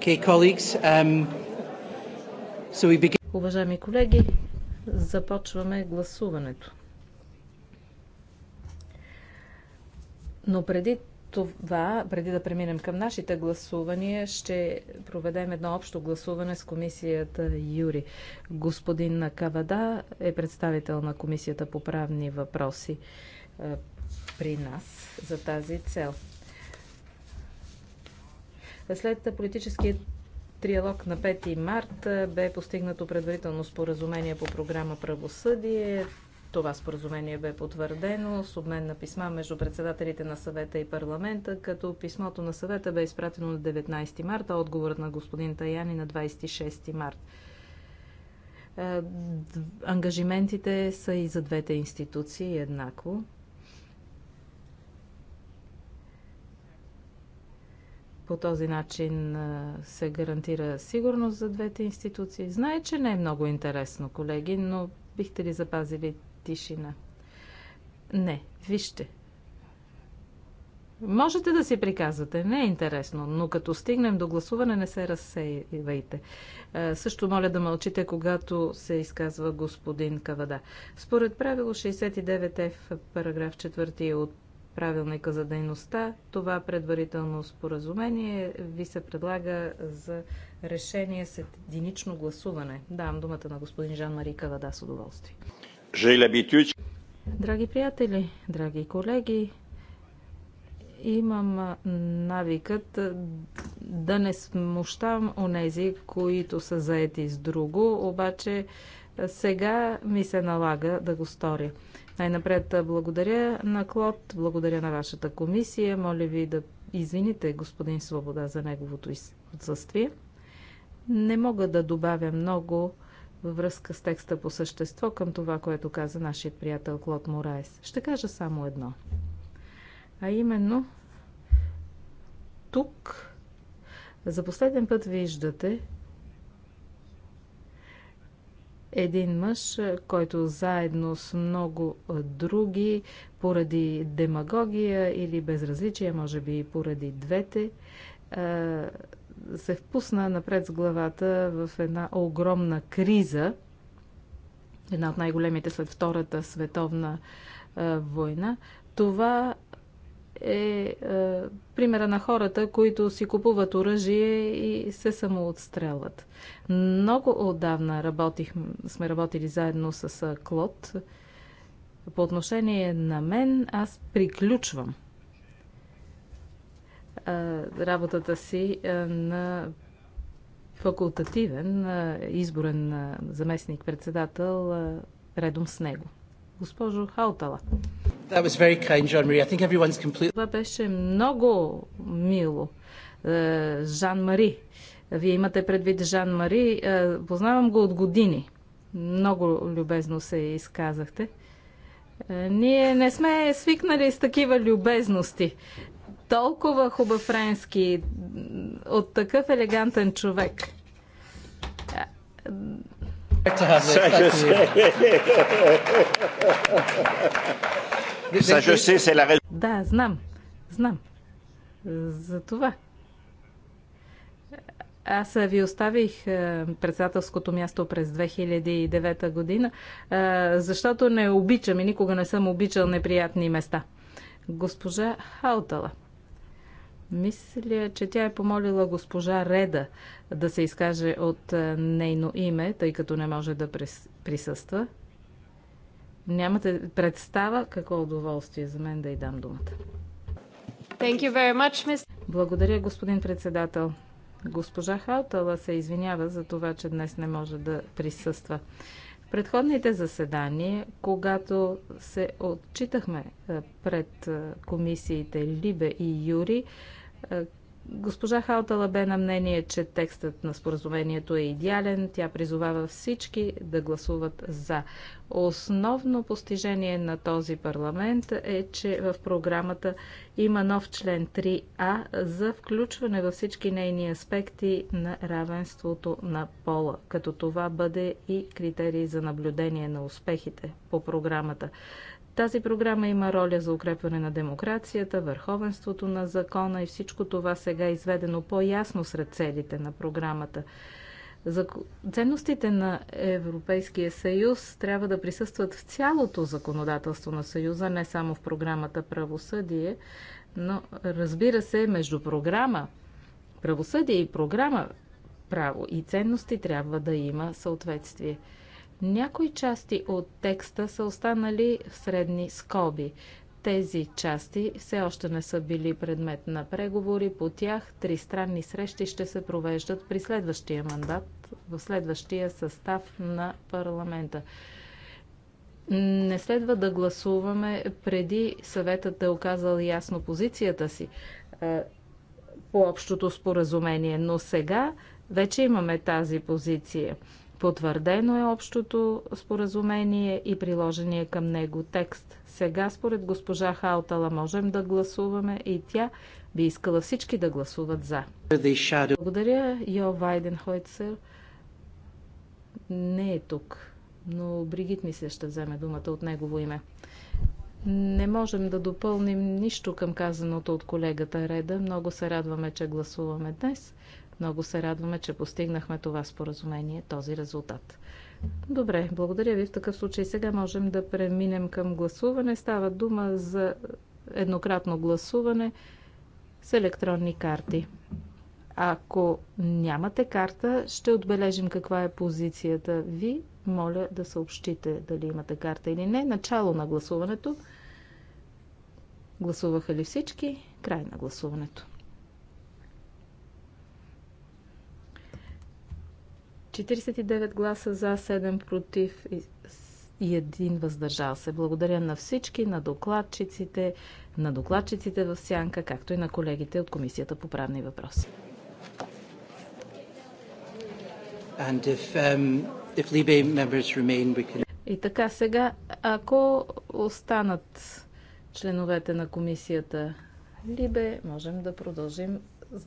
Okay, um, so begin... Уважаеми колеги, започваме гласуването. Но преди това, преди да преминем към нашите гласувания, ще проведем едно общо гласуване с комисията Юри. Господин Кавада е представител на комисията по правни въпроси е, при нас за тази цел. След политическия триалог на 5 март бе постигнато предварително споразумение по програма Правосъдие. Това споразумение бе потвърдено с обмен на писма между председателите на съвета и парламента, като писмото на съвета бе изпратено на 19 марта, отговорът на господин Таяни на 26 март. Ангажиментите са и за двете институции еднакво. По този начин се гарантира сигурност за двете институции. Знае, че не е много интересно, колеги, но бихте ли запазили тишина? Не, вижте. Можете да си приказвате, не е интересно, но като стигнем до гласуване не се разсейвайте. Също моля да мълчите, когато се изказва господин Кавада. Според правило 69F, параграф 4 е от правилника за дейността. Това предварително споразумение ви се предлага за решение с единично гласуване. Давам думата на господин жан Марика Вада с удоволствие. Драги приятели, драги колеги, имам навикът да не смущавам онези, които са заети с друго, обаче сега ми се налага да го сторя. Най-напред благодаря на Клод, благодаря на вашата комисия. Моля ви да извините господин Свобода за неговото отсъствие. Не мога да добавя много във връзка с текста по същество към това, което каза нашият приятел Клод Мораес. Ще кажа само едно. А именно, тук за последен път виждате, един мъж, е, който заедно с много е, други, поради демагогия или безразличие, може би и поради двете, е, се впусна напред с главата в една огромна криза, една от най-големите след Втората световна война. Това е, е примера на хората, които си купуват оръжие и се самоотстрелват. Много отдавна работих, сме работили заедно с Клод. По отношение на мен, аз приключвам е, работата си е, на факултативен, е, изборен е, заместник-председател е, редом с него. Госпожо Хаутала. Kind, Това беше много мило, е, Жан Мари. Вие имате предвид Жан Мари. Е, познавам го от години. Много любезно се изказахте. Е, ние не сме свикнали с такива любезности. Толкова хубав френски от такъв елегантен човек to have this. Ça, je sais. Ça, je sais, c'est la raison. Да, знам. Знам. За това. Аз ви оставих председателското място през 2009 година, защото не обичам и никога не съм обичал неприятни места. Госпожа Хаутала. Мисля, че тя е помолила госпожа Реда да се изкаже от е, нейно име, тъй като не може да присъства. Нямате представа какво удоволствие за мен да й дам думата. Thank you very much, miss. Благодаря, господин председател. Госпожа Хаутала се извинява за това, че днес не може да присъства. В предходните заседания, когато се отчитахме е, пред е, комисиите Либе и Юри, е, госпожа Хаутала бе на мнение, че текстът на споразумението е идеален. Тя призовава всички да гласуват за. Основно постижение на този парламент е, че в програмата има нов член 3А за включване във всички нейни аспекти на равенството на пола, като това бъде и критерий за наблюдение на успехите по програмата. Тази програма има роля за укрепване на демокрацията, върховенството на закона и всичко това сега е изведено по-ясно сред целите на програмата. За... Ценностите на Европейския съюз трябва да присъстват в цялото законодателство на съюза, не само в програмата правосъдие, но разбира се, между програма правосъдие и програма право и ценности трябва да има съответствие. Някои части от текста са останали в средни скоби. Тези части все още не са били предмет на преговори. По тях тристранни срещи ще се провеждат при следващия мандат, в следващия състав на парламента. Не следва да гласуваме преди съветът да е оказал ясно позицията си е, по общото споразумение, но сега вече имаме тази позиция. Потвърдено е общото споразумение и приложение към него текст. Сега, според госпожа Хаутала, можем да гласуваме и тя би искала всички да гласуват за. Благодаря, Йо Вайденхойцер. Не е тук, но Бригит ми се ще вземе думата от негово име. Не можем да допълним нищо към казаното от колегата Реда. Много се радваме, че гласуваме днес. Много се радваме, че постигнахме това споразумение, този резултат. Добре, благодаря ви. В такъв случай сега можем да преминем към гласуване. Става дума за еднократно гласуване с електронни карти. Ако нямате карта, ще отбележим каква е позицията ви. Моля да съобщите дали имате карта или не. Начало на гласуването. Гласуваха ли всички? Край на гласуването. 49 гласа за, 7 против и един въздържал се. Благодаря на всички, на докладчиците, на докладчиците в Сянка, както и на колегите от Комисията по правни въпроси. If, um, if remain, can... И така сега, ако останат членовете на комисията Либе, можем да продължим с